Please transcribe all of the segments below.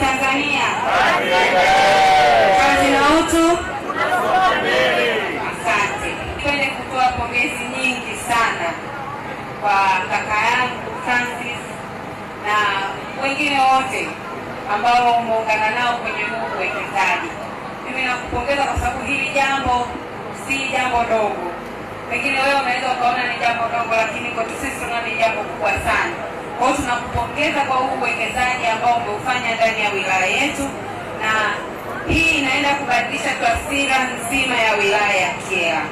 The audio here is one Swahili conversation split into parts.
Tanzania, kazi na utu. Asante, nipende kutoa pongezi nyingi sana kwa kaka yangu Francis na wengine wote ambao umeungana nao kwenye huu uwekezaji. Mimi nakupongeza kwa sababu hili jambo si jambo dogo, pengine wewe unaweza ukaona ni jambo dogo, lakini kwetu sisi tunaona ni jambo kubwa sana. Kwa hiyo tunakupongeza kwa huu uwekezaji ambao umeufanya ndani ya wilaya yetu, na hii inaenda kubadilisha taswira nzima ya wilaya ya Kyela.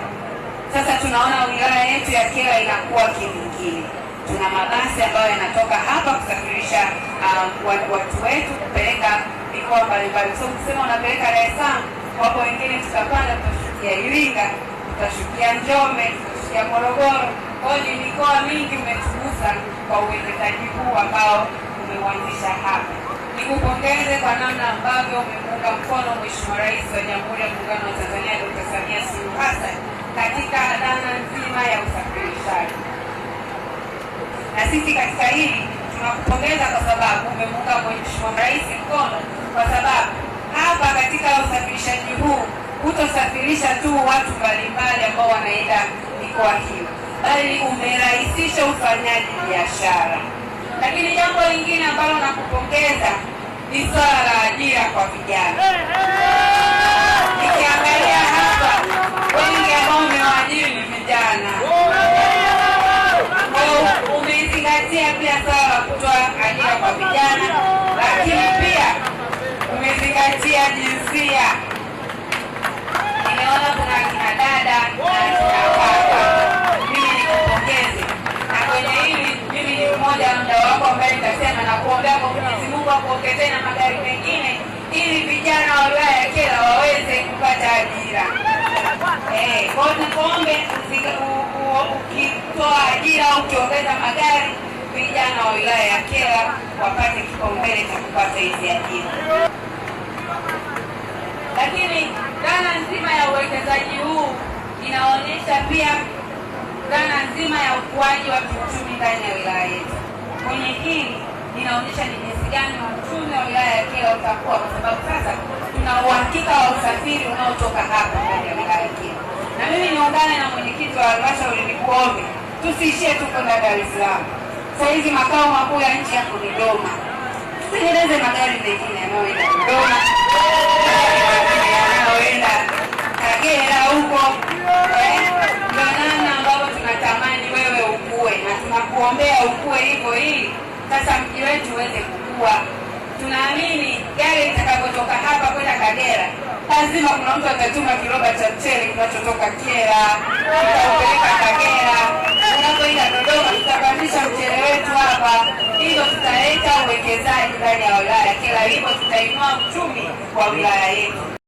Sasa tunaona wilaya yetu ya Kyela inakuwa kimingine. Tuna mabasi ambayo yanatoka hapa kusafirisha um, watu wetu kupeleka mikoa mbalimbali. So kusema unapeleka Dar es Salaam, wapo wengine tutapanda, tutashukia Iringa, tutashukia Njombe, tutashukia Morogoro. Kwa hiyo ni mikoa mingi umetumia hususan kwa uwezekaji huu ambao umeuanzisha hapa. Nikupongeze kwa namna ambavyo umemuunga mkono Mheshimiwa Rais wa Jamhuri ya Muungano wa Tanzania Dr. Samia Suluhu Hassan katika dhana nzima ya usafirishaji, na sisi katika hili tunakupongeza kwa sababu umemuunga Mheshimiwa Rais mkono kwa sababu hapa katika usafirishaji huu hutosafirisha tu watu mbalimbali ambao wanaenda mikoa hiyo bali umerahisisha ufanyaji biashara. Lakini jambo lingine ambalo nakupongeza ni swala la ajira kwa vijana. Nikiangalia hapa, wengi ambao umewaajiri ni vijana. Umezingatia pia swala la kutoa ajira kwa vijana, lakini pia umezingatia jinsia. Nimeona kuna kina dada waamke tena magari mengine ili vijana wa wilaya ya Kyela waweze kupata ajira. Eh, kwa hiyo ukitoa ajira au ukiongeza magari vijana wa wilaya ya Kyela wapate kipaumbele cha kupata hizi ajira. Lakini dhana nzima ya uwekezaji huu inaonyesha pia dhana nzima ya ukuaji wa kiuchumi ndani ya wilaya yetu. Kwenye hili inaonyesha ni jinsi gani uchumi wa wilaya ya Kyela utakuwa, kwa sababu sasa tuna uhakika wa usafiri unaotoka hapa ndani ya wilaya ya Kyela. Na mimi niungane na mwenyekiti wa halmashauri nikuombe, tusiishie tu kwenda Dar es Salaam. Sasa hizi makao makuu ya nchi yako Dodoma, tutengeneze magari mengine yanayoenda Dodoma yanayoenda Kagera huko eh, ndio namna tunatamani wewe ukue na tunakuombea ukue hivyo hili sasa mji wetu uweze kukua. Tunaamini gari litakapotoka hapa kwenda Kagera, lazima kuna mtu atatuma kiroba cha mchele kinachotoka Kyela tutaupeleka Kagera, unapoenda Dodoma tutapandisha mchele wetu hapa. Hivyo tutaleta uwekezaji ndani ya wilaya Kyela, hivyo tutainua uchumi wa wilaya yetu.